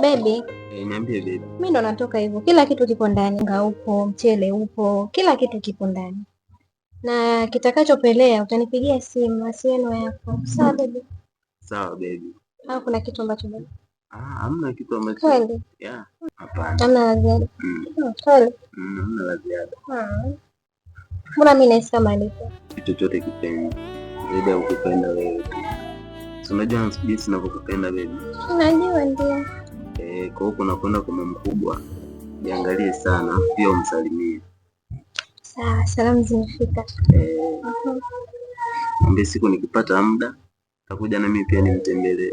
Baby. Eh, niambie baby. Mimi ndo natoka hivyo, kila kitu kipo ndani, unga upo, mchele upo, kila kitu kipo ndani, na kitakachopelea utanipigia simu, Asiyeno yako sawa baby? Sawa baby. Ah, kuna kitu ambacho baby? Ah, amna kitu ambacho. Kweli? Yeah. Hapana. Hamna la ziada. Mm. Mm, kweli? Mm, hamna la ziada. Ah. Mbona mimi naisema malipo? Kitu chote kipenzi. Zaidi ya ukupenda wewe tu. Unajua jinsi ninavyokupenda baby. Najua ndio. Eh, kwa huko nakwenda kwa mama mkubwa, jiangalie sana pia umsalimie. Sawa, salamu zimefika. E, eh, mwambie mhm. siku nikipata muda takuja na mimi pia nimtembelee.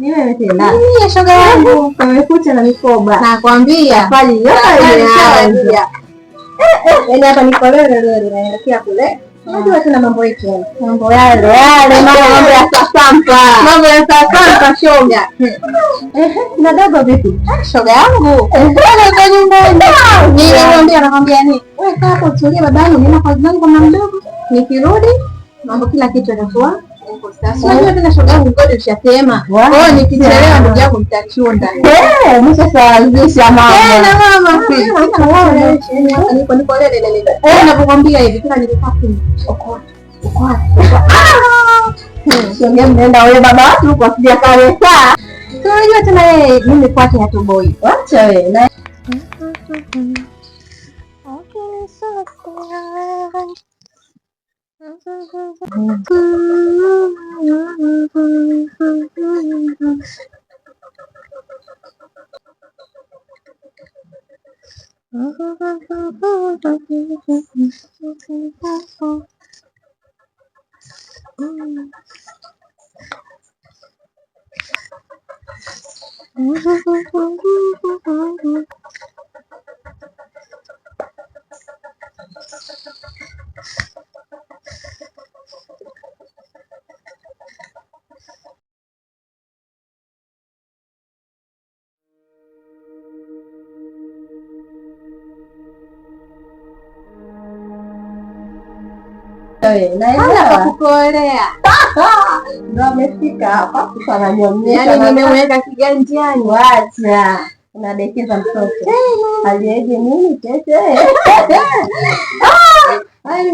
Ni wewe tena. Ni shoga yangu. Kamekuta na mikoba. Nakwambia. yote inaanza. Eh, eh, hapa niko naelekea kule. Unajua tena mambo yetu. Mambo yale yale, mambo ya sasampa. Mambo ya sasampa shoga. Eh, na eh, dada vipi? Ah, shoga yangu. uko nyumbani? Mimi nakwambia nini? Wewe kaa hapo babangu, nina kwa zangu mdogo. Nikirudi mambo kila kitu yatakuwa Shenge eh, eh, ah, eh. ah! mnaenda wewe baba watu huko asija kale saa. Unajua tena yeye mimi kwake hatoboi. Acha wewe. Mm-hmm. wewe, naelewa kukuolea. Ndio amefika hapa kufananyamia, yaani nimeweka kiganjani. Wacha unadekeza mtoto alieje nini tete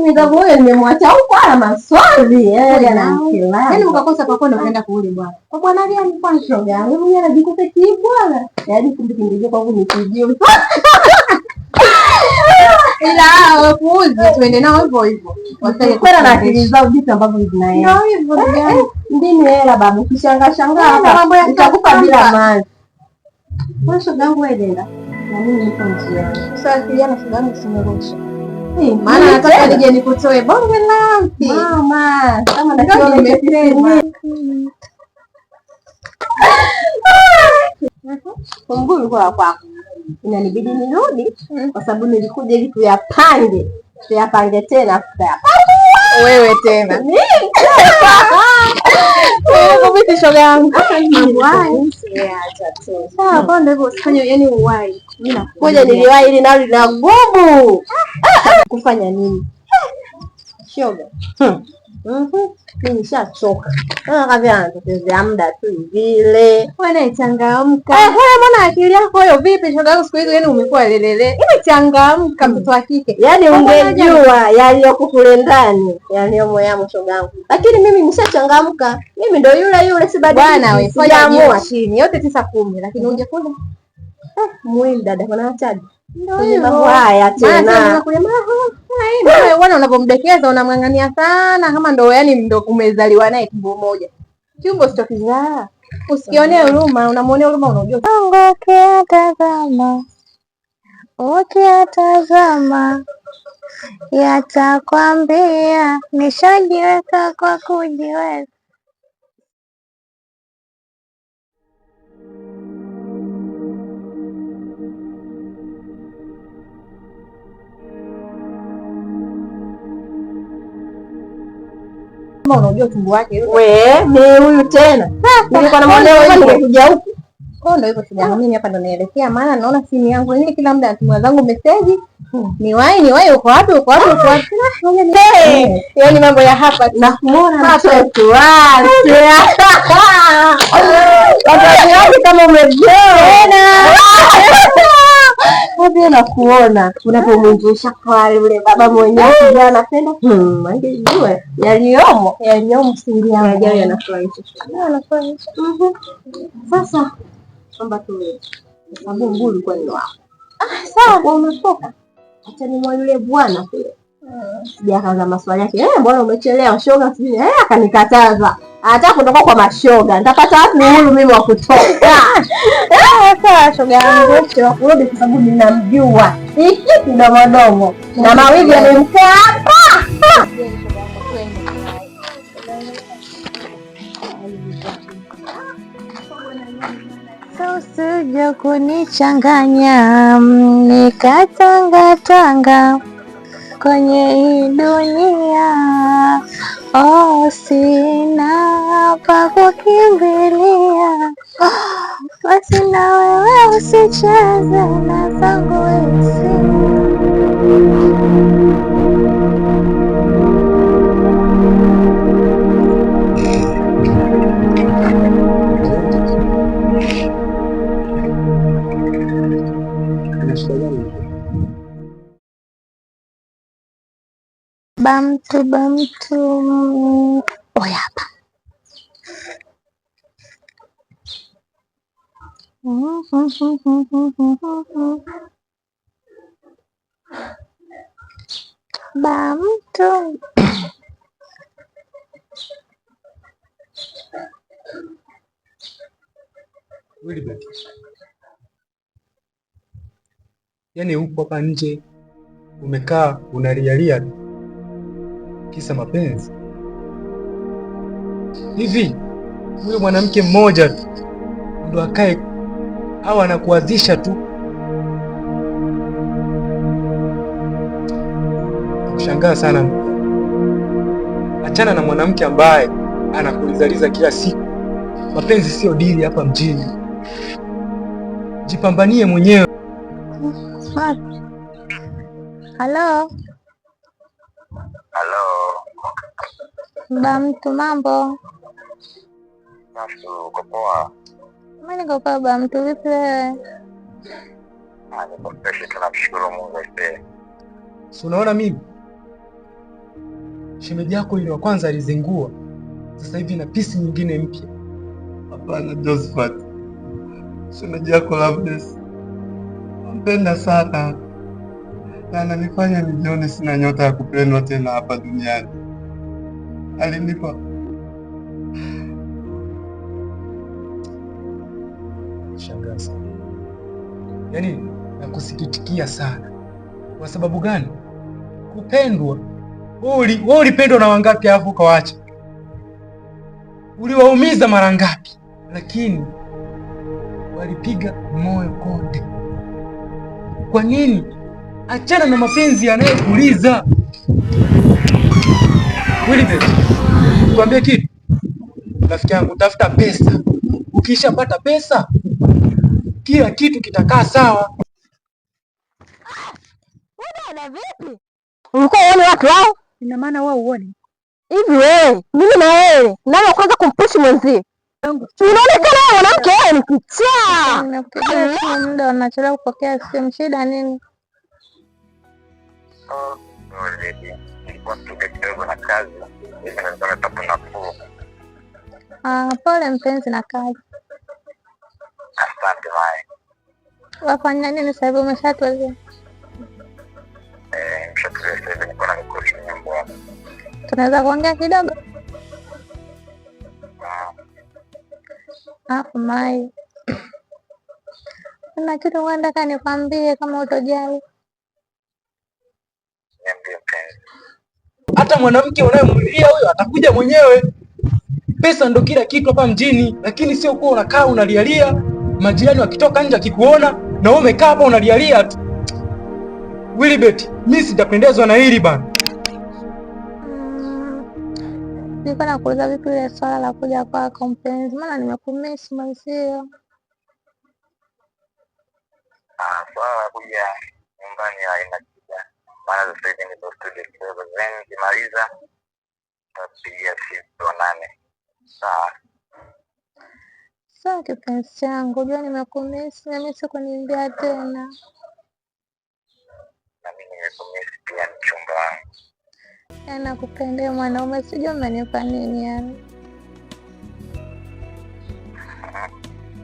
mizangu huyo nimemwacha huko, ana maswali yaani ukakosa kwako ndo kaenda kuuli bwana kwa bwana gani kwa shoga mwenyewe anajikuta kibwana yaani kumbe kindikio kwangu ni ila hao tuende nao hivyo hivyo, kwenda na akili zao vitu ambavyo vinaenda hivyo ndini hela baba, ukishangaa shangaa mambo yatakupa bila maana. Wewe shoga yangu wewe na mimi niko njiani sasa, kijana shoga yangu simerusha maana nataka nije nikutoe bonge la mti mama, kama ndio nimesema kumguru kwa kwako inanibidi nirudi mm. kwa sababu nilikuja ili tuyapange, tuyapange tena wewe tena shoga yangu? Ah, ah, Ngoja ili nalo lina gubu ah, kufanya nini shoga? Hmm mi mhm. nishachoka kavya natotezea muda tu vile. Changamka eh, mbona akili yako hiyo vipi? Shoga yako siku hizi yani umekuwa lelele. Changamka hmm. mtoto wa kike, yani ungejua yaliyoko kule ndani yaliyomoyamo, shogangu. Lakini mimi nishachangamka, mimi ndo yule yule, sibadiliki chini yote tisa kumi, lakini uje kule muhimu dada, kuna wachaji kwenye mambo haya tena kwani unapomdekeza unamng'ang'ania sana, kama ndo yani ndo umezaliwa naye tumbo moja. Kiumbo sio kizaa, usikionee huruma, unamwonea huruma, unajua ukiatazama, ukiatazama yatakwambia nishajiweka kwa kujiweza Unajua tumbo wake wewe huyu tena. Nilikuwa na mwanao nimekuja huku. Kwa oh, ndio hivyo shida ah. mimi hapa ndo naelekea maana naona simu yangu nini kila muda natuma zangu message. Hmm. Ni wapi ni wapi uko wapi uko wapi uko wapi? Yaani mambo ya hapa tunamuona mtoto wake. Ah. Watu wangu kama umejona. Navyo na kuona unapomwingisha pale yule baba mwenyewe kijana anapenda hmm, angejue yaliyomo yaliyomo siri ya ajabu yanafurahisha. Yanafurahisha. Mhm. Sasa kwamba tu sababu nguru kwa nini wako? Ah, sawa unatoka. Acha ni yule bwana kule. Hmm. Sija kaza maswali yake. Eh, mbona umechelewa shoga? Sijui. Eh, akanikataza hata kutoka kwa mashoga nitapata wapi uhuru mimi wa kutoka? Ah, sawa shoga yangu ah, urudi, kwa sababu ninamjua kidomodomo na mawili yamemkaa hapa. Usije kunichanganya nikatangatanga kwenye hii dunia Oh, sina pa kukimbilia, basi oh, na wewe usicheze na zangu hisia bantu bantu oya hapa bantu yaani, upo hapa nje umekaa unalialia tu kisa mapenzi? Hivi huyo mwanamke mmoja tu ndo akae au anakuadhisha tu? Nakushangaa sana. Achana na mwanamke ambaye anakulizaliza kila siku. Mapenzi sio dili hapa mjini, jipambanie mwenyewe. Halo. Baba mtu, mambo? Nashukuru, uko poa? Mimi niko poa. mtu, vipi wewe? Niko tunamshukuru Mungu. Si unaona mimi shemeji yako ile wa kwanza alizingua, sasa hivi na pisi nyingine mpya. Hapana Josephat, shemeji yako Loveless mpenda sana na ananifanya nijione sina nyota ya kupendwa tena hapa duniani alinipa shangaza, yaani nakusikitikia sana. Kwa sababu gani? Kupendwa wewe, ulipendwa na wangapi alafu ukawaacha? Uliwaumiza mara ngapi, lakini walipiga moyo konde. Kwa nini? Achana na mapenzi yanayokuliza. Wilibert, tuambie kitu rafiki yangu, tafuta pesa. Ukishapata pesa, kila kitu kitakaa sawa. Unaona vipi? Ulikuwa uone watu wao, ina maana wao uone hivi wewe, mimi na wewe nani kwanza kumpushi mwenzie? Unaonekana mwanamke wewe ni kichaa. muda unachelewa kupokea simu, shida nini? Oh, oh, kidogo na kazi, nafuu. Ah, pole mpenzi na kazi. Asante mae. Wafanya nini sasa hivi, umeshatulia? Eh, Tunaweza kuongea kidogo? Ah. Afu mai kuna kitu huenda nikwambie kama utojali hata mwanamke unayemlilia huyo atakuja mwenyewe. Pesa ndo kila kitu hapa mjini, lakini sio kuwa unakaa unalialia, majirani wakitoka nje akikuona na wewe umekaa hapa unalialia tu. Wilibet, mimi sitapendezwa na hili bana. Mm, nilikuwa nakuuliza vipi ile swala la kuja kwako mpenzi, maana nimekumiss mwanzio. Ah, swala la kuja nyumbani haina maana sasa hivi studio kidogo, then nikimaliza tutapigia simu tuonane. Sawa sawa, kipenzi changu, jua nimekumisi nami, sikunimbia tena nami nimekumisi pia, mchumba wangu. E, nakupendea mwanaume, sijua mmenipa nini yani.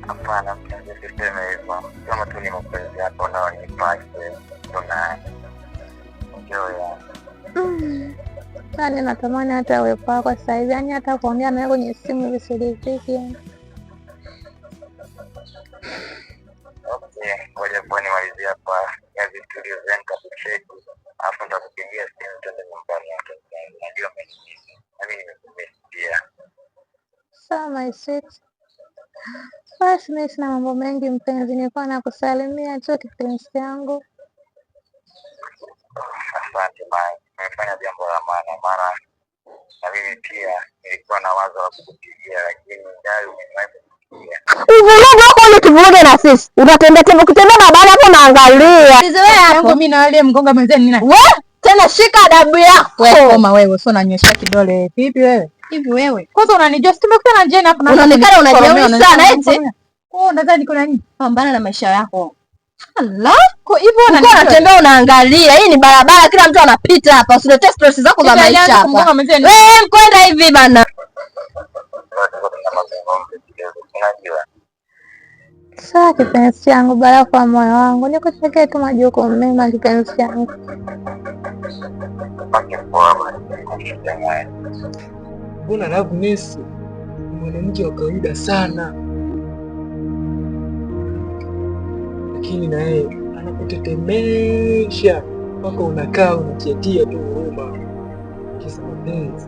Hapana, mpenzi, siseme hivyo, kama tu ni mapenzi yako unaonipa, ndo na mm. Yani natamani hata uwepo wako sasa hivi, yani hata kuongea naye kwenye simu hivi siridhiki. ngoja kuwa nimalizia hapa kazi studio kakucheki, alafu nitakupigia simu tuende nyumbani. Najua umenimisi nimekumisi pia. Sawa my sweet. Basi mi sina mambo mengi mpenzi, nilikuwa nakusalimia tu kipenzi changu. Ah tumefanya jambo la maana mara, na mimi pia nilikuwa na wazo la kukupigia, lakini ndio umewahi Uvurugu wako ni tuvuruge na sisi, utatembea tembea kutembea na baada hapo, naangalia yangu mimi na wale mgonga mwenzenu nina wewe tena, shika adabu yako wewe, koma wewe, sio nanyoshia kidole vipi wewe hivi wewe. Kwanza unanijua, tumekutana njiani hapo, unaonekana unajiamini sana eti. Kwa hiyo nadhani kuna nini, pambana na maisha yako Unatembea unaangalia, hii ni barabara, kila mtu anapita hapa. Usiletee stress zako za maisha hapa. Wewe mkwenda hivi bana, saa kipenzi changu, bara kwa moyo wangu nikuchekee tu majukumu mema, kipenzi changu mwanamke wa kawaida sana lakini na yeye anakutetemesha mpaka unakaa unakiatia tu huruma kisapenzi.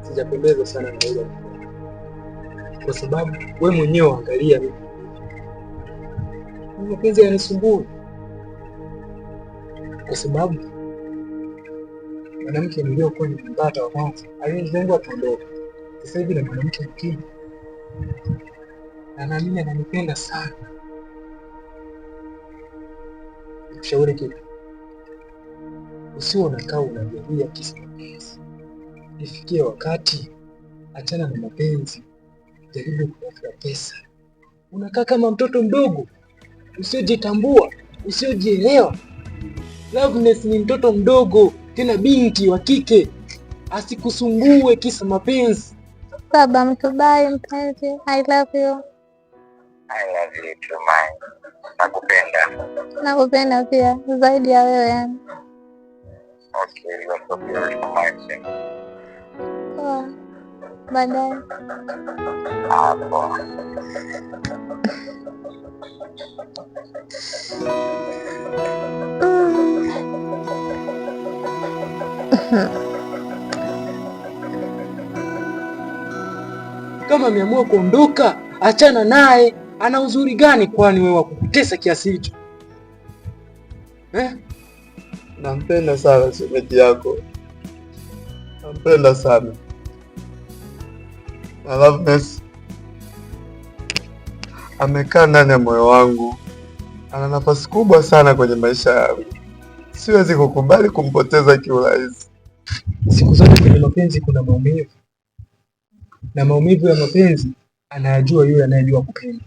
Sijapendezwa sana na ile, kwa sababu we mwenyewe angalia, mapenzi yanisumbua kwa sababu mwanamke niliyokuwa nikimpata wa kwanza aliezengwa, tuondoka sasa hivi na mwanamke mkini na naamini ananipenda sana. Nikushauri kitu, usiwe unakaa unajalia kisa mapenzi. Ifikie wakati, achana na mapenzi, jaribu kutafuta pesa. Unakaa kama mtoto mdogo usiojitambua, usiojielewa. Loveness ni mtoto mdogo, tena binti wa kike, asikusumbue kisa mapenzi. Baba mtubai mpenzi, I love you. I love you too much. Nakupenda. Nakupenda pia zaidi ya wewe yani. Okay, you are so beautiful my friend. Poa. Baadaye. Ah, Kama ameamua kuondoka, achana naye ana uzuri gani kwani wewe wakukutesa kiasi hicho eh? Nampenda sana shemeji yako, nampenda sana I love Amekaa ndani ya moyo wangu, ana nafasi kubwa sana kwenye maisha yangu. Siwezi kukubali kumpoteza kiurahisi. Siku zote kwenye mapenzi kuna maumivu, na maumivu ya mapenzi anayajua yule anayejua kupenda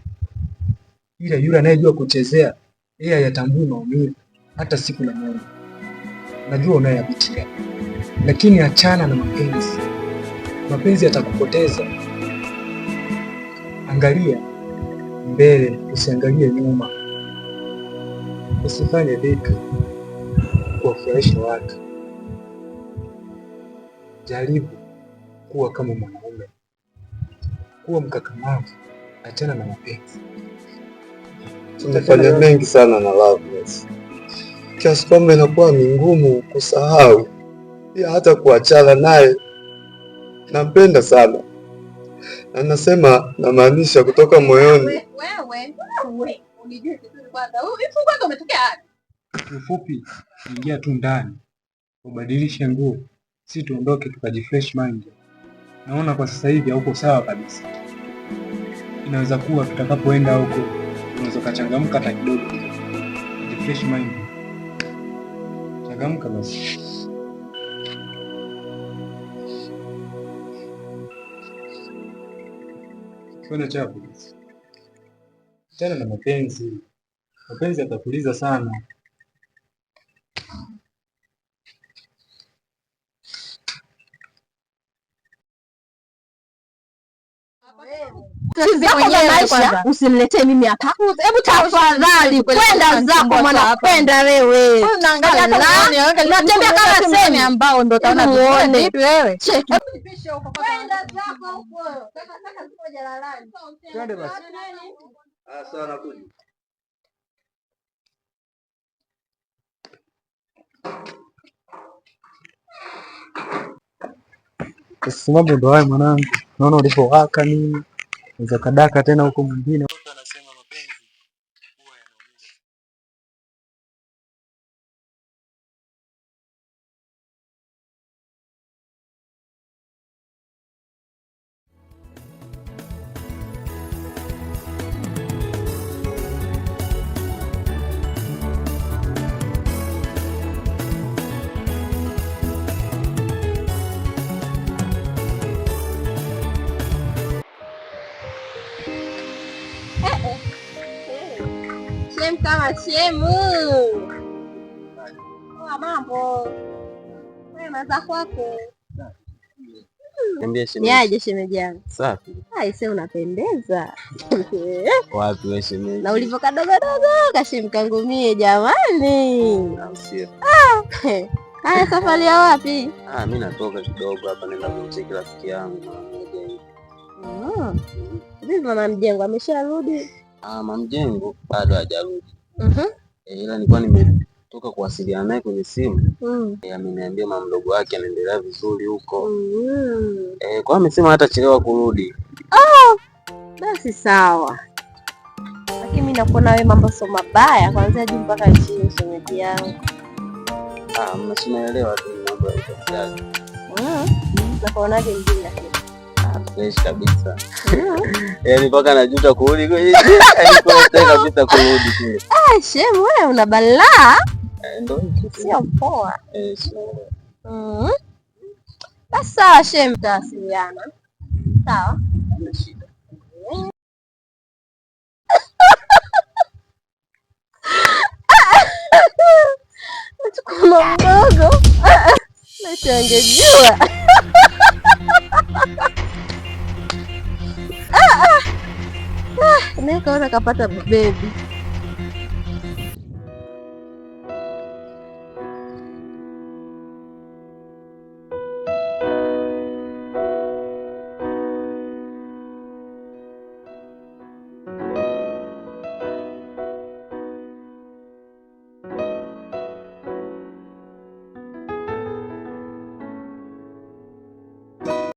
ila yule anayejua kuchezea yeye hayatambui maumivu hata siku la moja. Najua unayoyapitia, lakini achana na mapenzi. Mapenzi yatakupoteza. Angalia mbele, usiangalie nyuma. Usifanye vitu kuwafurahisha watu. Jaribu kuwa kama mwanaume, kuwa mkakamavu, achana na mapenzi tumefanya mengi sana na Loveless kiasi kwamba inakuwa ni ngumu kusahau ya hata kuachana naye. Nampenda sana na nasema, namaanisha kutoka moyoni. Kifupi, ingia tu ndani ubadilishe nguo, si tuondoke tukajifresh mind. Naona kwa sasa hivi hauko sawa kabisa, inaweza kuwa tutakapoenda huko unaweza ukachangamka hata kidogo, refresh mind, changamka basi. Kwenda chapu tena na mapenzi, mapenzi yatakuliza sana. Jitunze mwenyewe kwanza, usimletee mimi hapa. Hebu tafadhali, kwenda zako mwana, kwenda wewe. Unatembea kama semi ambao ndio utaona vipi wewe. Kwenda zako ah, ndo haya mwanangu, naona ulipowaka nini Unaweza kadaka tena huko mwingine. Poa, mambo wema za kwako? Niaje shemeji yangu? Safi. unapendeza wapi wewe shemeji? Na ulivyo kashimkangumie jamani. Oh, ah, haya, safari ya wapi? Ah, mimi natoka kidogo hapa kumcheki rafiki yangu mama mjengo oh. amesharudi? Ah, mama mjengo bado hajarudi. Mhm. Uh -huh. Eh, ila nilikuwa nime toka kuwasiliana naye kwenye simu mm. E, ameniambia mama mdogo wake anaendelea vizuri huko mm. E, kwa amesema hata chelewa kurudi. Oh, basi sawa, lakini mimi nakuona wewe mambo sio mabaya kuanzia juu mpaka chini, shemeji yangu. Ah, mnasinaelewa tu mambo ya utafiaji mm. nakuonaje mjini lakini ah, fresh kabisa yaani mm. eh, mpaka najuta kurudi kwenye kabisa kurudi. kule. Ah, shemu wewe una balaa. Ndio sio poa. Basi mm-hmm. sawa, shee, mtawasiliana sawa. Tukuma mdogo nachangejua nikaona kapata bebi